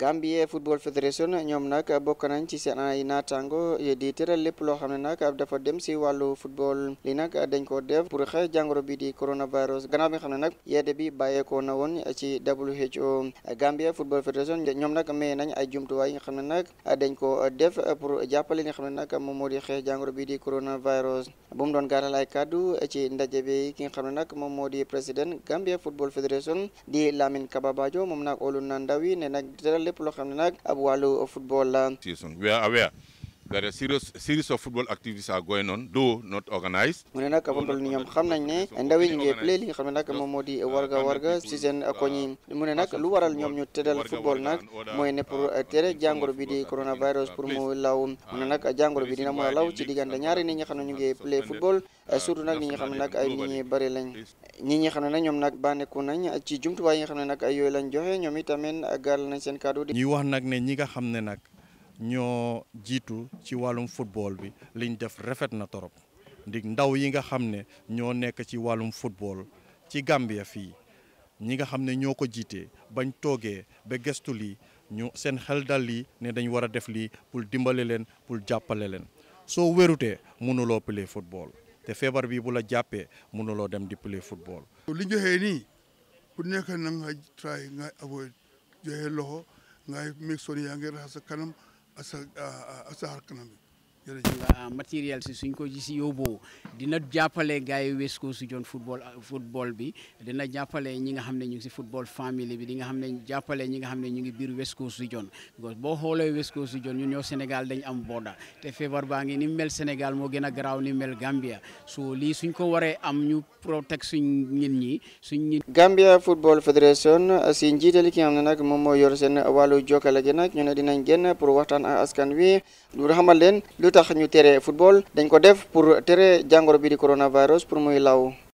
Gambia Football Federation ñoom nag bokk nañ ci seen ay naataango di tëral lépp loo xam ne nag dafa dem si wàllu football li nag dañ ko def pour xëy jàngoro bi di coronavirus gannaaw bi nga xam ne nag yeede bi bàyyeekoo na woon ci WHO Gambia Football Federation ñoom nag may nañ ay jumtuwaay yi nga xam ne nag dañ ko def pour jàppale li nga xam ne nag moom moo di xeex jàngoro bi di coronavirus bu mu doon gaaral ay kàddu ci ndaje bi ki nga xam ne nag moom moo di président Gambia Football Federation di Lamine Kaba Bajo moom nag olu ne nag tëral lépp loo xam ne nag ab wàllu football la. we are aware There is a serious series of football activities are going on though not organized. mu ne nag fa mu toll ñoom xam nañ ne ndaw yi ñu ngi play li xam ne nag moom moo di uh, uh, warga warga si seen koñ yi mu ne nag lu waral ñoom ñu tëddal football nag mooy ne pour uh, tere jàngoro bi di coronavirus pour mu law mu ne nag jàngoro bi dina mën a law ci diggante ñaari nit ñi xam ne ñu ngi play football surtout nag nit ñi xam ne nag ay nit ñi bëri lañ nit ñi xam ne nag ñoom nag bànneeku nañ ci jumtuwaay yi nga xam ne nag yooyu lañ joxe ñoom itamit gàll nañ seen kàddu. ñuy wax nag ne ñi nga xam ne nag. ñoo jiitu ci wàllum football bi liñ def rafet na torop ndig ndaw yi nga xam ne ñoo nekk ci wàllum football ci Gambia fii ñi nga xam ne ñoo ko jiitee bañ toogee ba gestu lii ñu seen xel dal lii ne dañ war a def lii pour dimbale leen pour jàppale leen soo wérutee mënuloo play football te feebar bi bu la jàppee mënuloo dem di play football. li joxee nii ku nekk na nga try nga avoid joxe loxo ngay make sure yaa ngi raxas sa kanam. ak sa ak sa jërëjëf matériel si suñ ko ji si yóbboo dina jàppale gars yi West Coast Region football ah, football bi dina jàppale ñi nga xam ne ñu ngi si football family bi dinga xam ne jàppale ñi nga xam ne ñu ngi biir West Coast Region because boo xoolee West Coast Region ñun ñoo Sénégal dañ am border te feebar baa ngi ni mel Sénégal moo gën a garaaw ni mel Gambia so lii suñ ko waree am ñu protect suñ nit ñi suñ nit Gambia Football Federation si njiitali ki nga xam ne nag moom moo yor seen wàllu jokkale gi nag ñu ne dinañ génn pour waxtaan ak askan wi lu xamal leen lu tax ñu tere football dañ ko def pour tere jàngoro bi di coronavirus pour muy law